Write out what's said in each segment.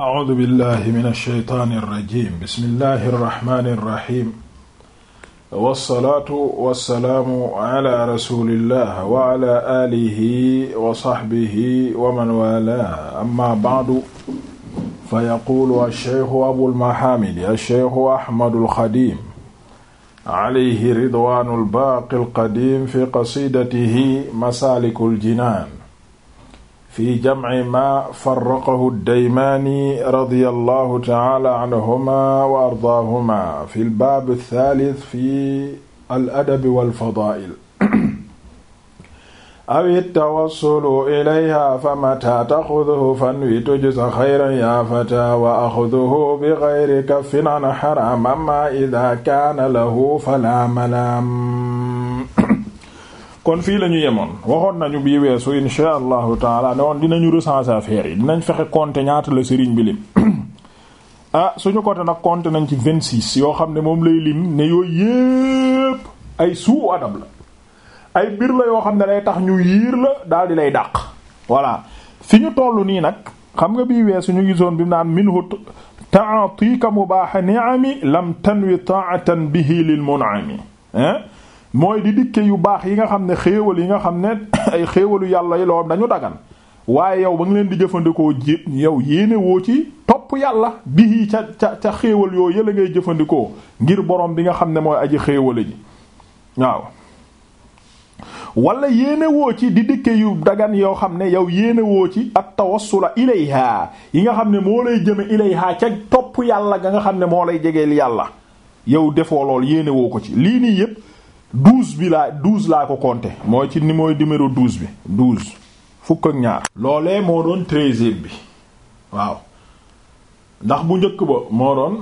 a'uudu billahi mina shaytaani rajiim bismillahi rahmaani rahiim. wasalaatu wasalaamu ala rasulillah wa ala alihi wa sahbihi wa man waalaahu amma ba'du. fa yaquulu ash-shaykhu abul mahaamid ash-shaykhu ahmadul xadiim alayhi ridwaanul baaqil qadiim fi qasiidatihi masaalikul jinaan. fi jamci ma farraqahu daymaani radiyallahu ta'ala anhuma wa ardaahuma fi lbaabi thalith fi al-adabi wal fadaa'il aw at-tawassulu ilayha famata taxuduhu fanwi tujza xayran yaa fata wa axuduhu bi xayri kaffin an xaraam amma idaa kaana lahu falaa malaam kon fii la ñu yemoon waxoon nañu bii weesu insha allahu taala ne woon dinañu recenser affaires yi dinañ fexe compter ñaata la sëriñ bi lim ah suñu côté nag compter nañ ci vingt six yoo xam ne moom lay lim ne yooyu yépp ay suu adab la ay mbir la yoo xam ne day tax ñu yiir la daal di lay dàq voilà fi ñu toll nii nag xam nga bii weesu ñu gisoon bi mu naan minhu ta'atika mubaaha ni'ami lam tanwi ta'atan bihi lil mun'ami hein mooy di dikke yu baax yi nga xam ne xéewal yi nga xam ne ay xéewalu yàlla yi loolu dañu dagan waaye yow ba nga leen di jëfandikoo ji yow yéene woo ci topp yàlla bii ca ca ca xéewal yoo yëla ngay jëfandikoo ngir borom bi nga xam ne mooy aji xéewale ji waaw wala yéene woo ci di dikke dagan yoo xam ne yow yéene woo ci at tawassula ilayha yi nga xam ne moo lay jëme ilayha ca topp yàlla ga nga xam ne moo lay jegeel yàlla yow defoo lool yéene ko ci lii nii yépp douze bi laa laa ko compter mooy ci ni mooy numéro douze bi douze fukk ak ñaar loolee moo doon treizième bi waaw ndax bu njëkk ba moo doon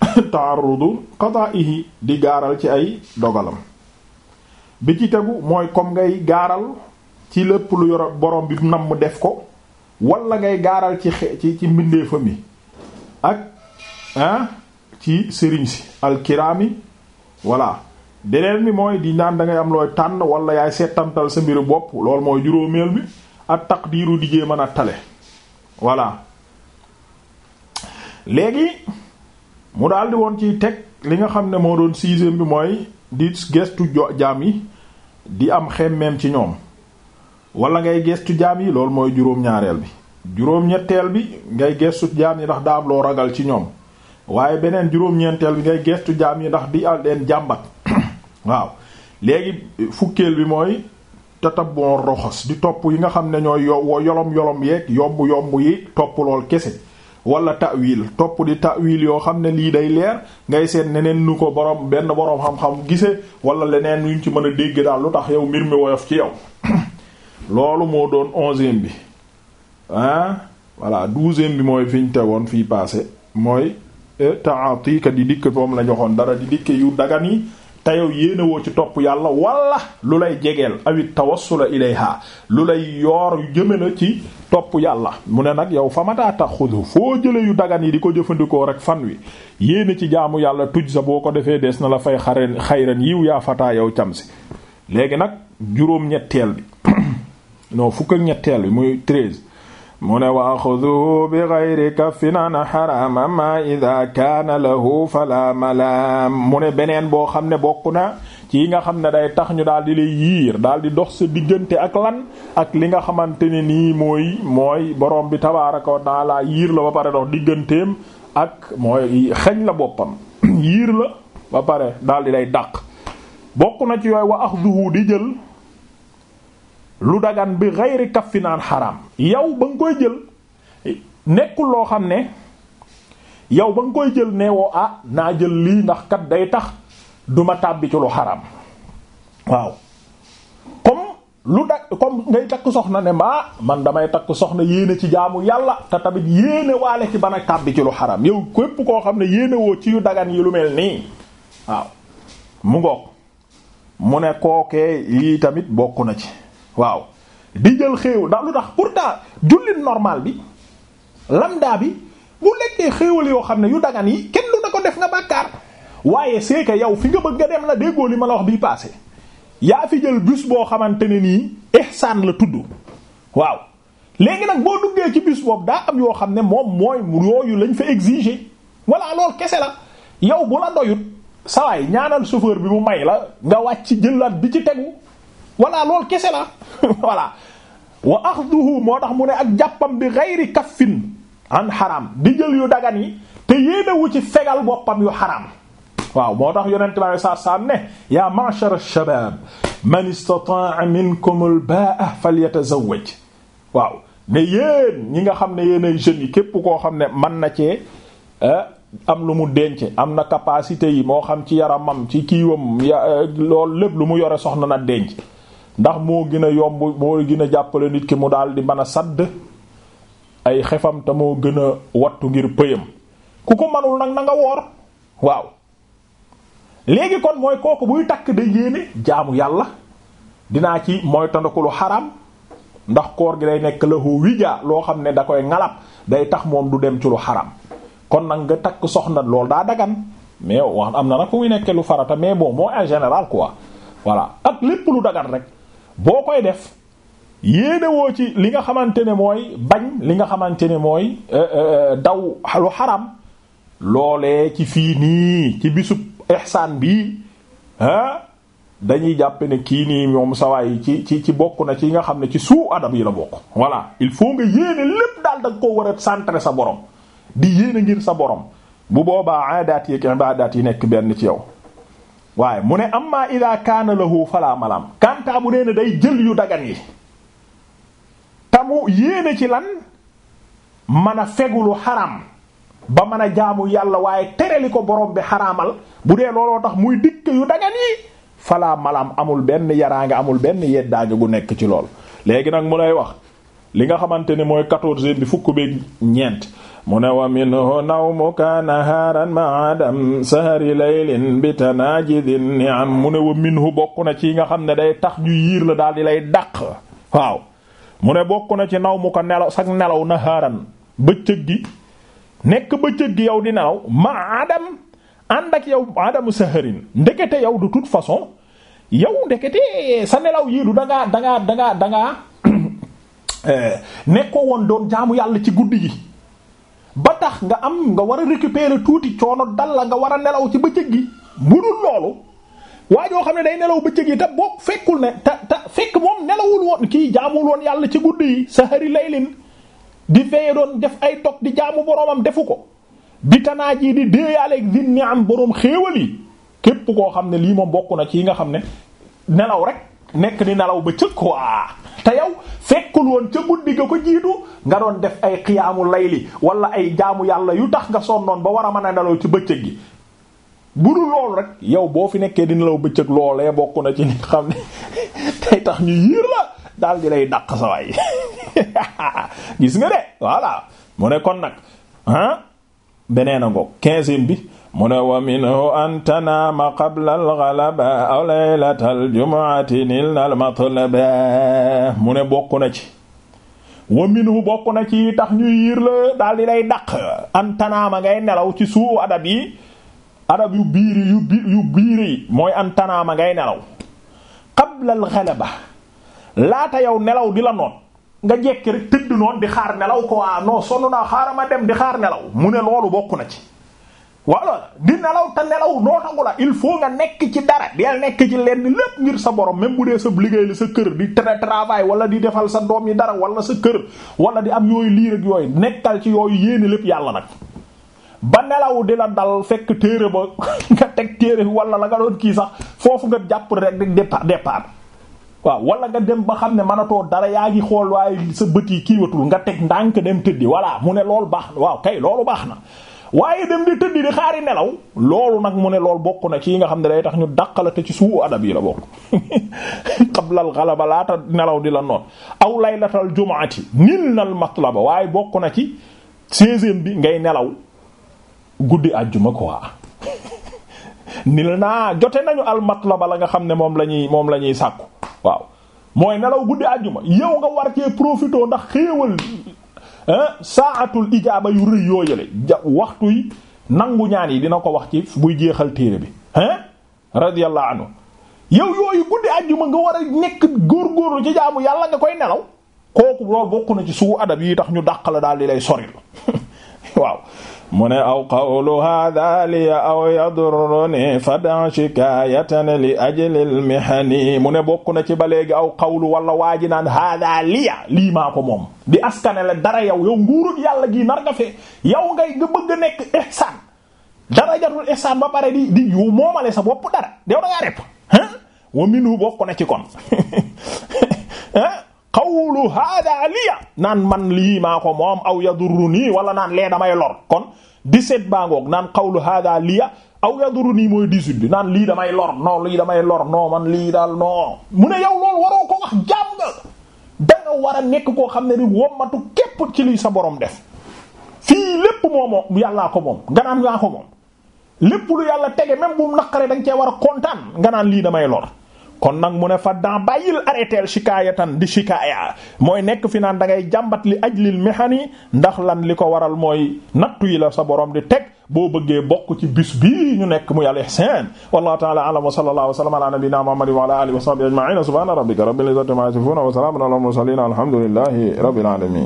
ta'arrudu qada'ihi di gaaral ci ay dogalam bi ci tegu mooy comme ngay gaaral ci lépp lu yor borom bi namm def ko wala ngay gaaral ci ci ci mbindeefa ak ah ci sëriñ si alkiraami voilà beneen bi mooy di naan da ngay am looy tànn wala yaay seetantal sa mbiru bopp loolu mooy juróomeel bi ak taqdiiru di jéem a nattale voilà léegi mu daldi woon ciy teg li nga xam ne moo doon sixième bi mooy di gestu jaam yi di am xemmeem ci ñoom wala ngay geestu jaam yi loolu mooy juróom-ñaareel bi juróom-ñetteel bi ngay gestu jaam yi ndax daa am loo ragal ci ñoom waaye beneen juróom-ñeenteel bi ngay gestu jaam yi ndax di al leen jàmbat waaw léegi fukkeel bi mooy tatabon roxos di topp yi nga xam ne ñooy yo yolom yolom yeeg yomb yomb yi topp lool kese wala ta'wil topp di ta'wil yoo xam ne lii day leer ngay seet neneen nu ko borom benn borom xam-xam gise wala leneen ñu ci mën a dégg daal lu tax yow mbir mi woyof ci yow loolu moo doon onzième bi ah voilà douzième bi mooy fi ñu tegoon fii passé mooy eh, taati ka di dikk moom la joxoon dara di dikk yu dagan yi te yow yéene woo ci topp yàlla wala lu lay jegeel awit tawassula ilayha lu lay yoor jëme la ci topp yàlla mu ne nag yow tax taxudu foo jële yu dagan yi di ko jëfandikoo rek fan wi yéene ci jaamu yàlla tuj sa boo ko defee des na la fay xaren xayran yiw yaa fataa yow cam si léegi nag juróom ñetteel bi non fukk ñetteel bi muy treize mu ne wa axuduhu bi gayri kaffin an xaraama ma ida kaana lahu fala malaam mu ne beneen boo xam ne bokk na ci yi nga xam ne day tax ñu daal di lay yiir daal di dox sa diggante ak lan ak li nga xamante ne nii mooy mooy borom bi tabaaraka wa taala yiir la ba pare dox digganteem ak mooy xeñ la boppam yiir la ba pare dal di lay dàq bokk na ci yooyu wa axduhu di jël lu dagan bi xayri naan xaram yow ba nga koy jël nekkul loo xam ne yow ba nga koy jël neewoo ah naa jël lii ndax kat day tax duma ma tàbbi ci lu xaraam waaw comme lu dag comme ngay takk soxna ne mbaa man damay takk soxna yéene ci jaamu yàlla te tamit yéene waale ci ba nag tàbbi ci lu xaraam yow képp koo xam ne yéene woo ci yu dagan yi lu mel nii waaw mu ngoog mu ne kookee lii tamit bokk na ci waaw di jël xéew ndax lu tax pourtant jullit normal bi lambda bi bu lekkee xéewal yoo xam ne yu dagan yi kenn du na ko def nga bàkkaar waaye c'est que yow fi nga bëgg nga dem la déggoo li ma la wax bii passé yaa fi jël buus boo xamante ne nii ihsaan la tudd waaw léegi nag boo duggee ci boobu daa am yoo xam ne moom mooy yooyu lañ fa exiger voilà loolu kese la yow bu la doyut sawaay ñaanal chauffeur bi mu may la nga wàcc jëlaat bi ci tegu voilà loolu kese la voilà wa axduhu moo tax mu ne ak jàppam bi gayri kaffin an xaraam di jël yu dagan yi te yéenewu ci fegal boppam yu xaraam waaw moo tax yonente bi saa saam ne yaa ma'shar ash-shabaab man istata'a minkum al waaw ne ñi nga xam ne yéen jeunes yi képp koo xam ne mën na cee eh, am lu mu dence am na capacité yi moo xam ci yaramam ci kiiwam ya eh, loolu lépp lu mu yore soxna na denc ndax moo gën a yomb moo gën a jàppale nit ki mu daal di mën a sadd ay xefam te moo gën a wattu ngir pëyam ku ko manul nag na nga woor waaw léegi kon mooy kooku buy takk da yéene jaamu yàlla dinaa ci mooy tandaku lu xaram ndax koor gi day nekk la hoo wija loo xam ne da koy ngalab day tax moom du dem ci lu xaram kon nag nga takk soxna loolu daa dagan mais wax am na nag fu muy nekkee lu farata mais bon mooy en général quoi voilà ak lépp lu dagan rek boo koy def yéene ci li nga xamante ne mooy bañ li nga xamante ne mooy euh, euh, daw lu xaram loolee ci fii nii ci bisub ihsaan bi ah dañuy jàpp ne kii nii moom sawaay ci ci ci bokk na ci nga xam ne ci suu adab yi la bokk voilà il faut nga yéene lépp daal da koo ko war a centrer sa borom di yéene ngir sa borom bu boobaa aadaat yi ak ibaadaat yi nekk benn ci yow waaye mu ne amma ida kaana lahu fala malam kanta bu nee na day jël yu dagan yi tamu yéene ci lan mën a fegulu xaram ba mën a jaamu yàlla waaye tereli ko borom bi xaraamal bu dee looloo tax muy dikk yu dagan yi fala malam amul benn yaraange amul benn yeddaange bu nekk ci lool léegi nag mu lay wax li nga xamante ne mooy quatorze bi fukk bi ñeent mu ne wa minhu nawmuka nahaaran maadam sahari laylin bi tanaajidin ni'am mu ne wa minhu bokk na ci nga xam ne day tax ñu yiir la daal di lay dàq waaw mu ne bokk na ci nawmuka nelaw sax nelaw nahaaran bëccëg gi nekk bëccëg gi yow di nelaw maadam ànd ak yow adamu saharin ndekete yow de toute façon yow ndekete sa nelaw yii du dangaa dangaa dangaa eh, nekkoo woon doon jaamu yàlla ci guddi gi ba tax nga am nga war a récupérer tuuti coono dal la nga war a nelaw ci bëccëg gi bu dul loolu waa xam ne day nelaw bëccëg yi te boog fekkul ne te te fekk moom nelawul woon kii jaamul woon yàlla ci guddi yi sahari laylin di feye doon def ay topp di jaamu boromam defu ko bi tanaaj yi di déeyaaleeg zin ni am borom xéewal yi képp koo xam ne lii moom bokk na ci yi nga xam ne nelaw rek nekk di nelaw ba bëccëg quoi te yow fekkul woon ca guddi nga ko jiitu nga doon def ay xiyaamu layli wala ay jaamu yàlla yu tax nga sonnoon ba war a mën a daloo ci bëccëg gi bu dul loolu rek yow boo fi nekkee di law bëccëg loolee bokk na ci nit xam ne tey tax ñu yiir la daal di lay dàq sa waay gis nga de voilà mu ne kon nag ah beneen a ngoog quinzième bi mu ne wa minhu an tanaama qabla alxalaba aw laylata aljumuati nil almatlaba mu ne bokk na ci wa minhu bokk na ci tax ñu yiir la daal di lay dàq an tanaama ngay nelaw ci suu adab yi adab yu biir yu bi mooy an tanaama ngay nelaw qabla alxalaba laata yow nelaw di la noon nga jekki tëdd noon di xaar nelaw ko waa non sonn naa xaaral dem di xaar nelaw mu ne loolu bokk na ci walla di nelaw te nelaw nootagu la il faut nga nekk ci dara del nekk ci lenn lépp ngir sa borom même bu dee sa liggéey la sa kër di tra travail wala di defal sa doom yi dara walla sa kër wala di am yooyu lii rek yooyu nekkal ci yooyu yéene lépp yàlla nag ba nelaw di la dal fekk téere ba nga teg téere wala la nga doon kii sax foofu nga jàpp rek di départ départ waaw wala nga dem ba xam ne mënatoo dara yaa ngi xool waaye sa bët yi kiiwatul nga teg ndànk dem tëddi voilà mu ne loolu baax na waaw kay loolu baax na waaye dem di tëdd di xaari nelaw loolu nag mu ne loolu bokk na ci yi nga xam ne day tax ñu dàqalate ci suu adab yi la bokk xablal xalaba laata nelaw di la noon aw laylatal jumaati nil nal matlaba waaye bokk na ci seizième bi ngay nelaw guddi àjjuma quoi nil naa jote nañu al matlaba la nga xam ne moom la ñuy moom la ñuy sàkku waaw mooy nelaw guddi àjjuma yow nga war cee ndax xéewal saatul ijaaba yu rëy yoo yële ja waxtu yi nangu ñaan yi dina ko wax ci buy jeexal téere bi hein radiyallahu anhu yow yooyu guddi àjjuma nga war a nekk góorgóorlu ci jaamu yàlla nga koy nelaw kooku loolu bokk na ci suu adab yi tax ñu dàq la daal di lay soril waaw mu ne aw qawlu hada liya aw yadurruni fada shikayatan li ajlil mihani mu ne bokk na ci ba léegi aw qawlu wala waa ji naan hada liya lii maa moom di askane la dara yow yow nguurug yàlla gi nar nga fee yow ngay nga bëgg nekk ihsaan dara jatul ihsaan ba pare di di yu moomale sa bopp dara dew da ngaa repp ah wa minhu bokk ci kon ah qawlu hada liya naan man lii maako moom aw yadurru nii wala naan lee may lor kon 17 baa ngoog naan qawlu hada liya aw yadurru nii mooy 18 di naan lii damay lor non lii damay lor non man lii daal non mu ne yow loolu waroo ko wax jaam nga danga war a nekk koo xam ne di wommatu képp ci lii sa borom def fii lépp moomoo yàllaa ko moom nga naan yaa moom lépp lu yàlla tege même bu mu naqaree da nga cee war a kontaan nga naan lii damay lor kon nag mu ne fa dan bàyyil arrêteel tan di shikaaya mooy nekk fi naan da ngay jàmbat li ajlil mihani ndax lan li ko waral mooy nattu yi la sa borom di teg boo bëggee bokk ci bis bii ñu nekk muy al ihsan ta'ala a'lam wa sallallahu wa sallama ala nabiyyina wa ala alihi wa sahbihi ajma'in subhana rabbika rabbil izzati amma wa salamun ala al mursalin alhamdulillahi rabbil alamin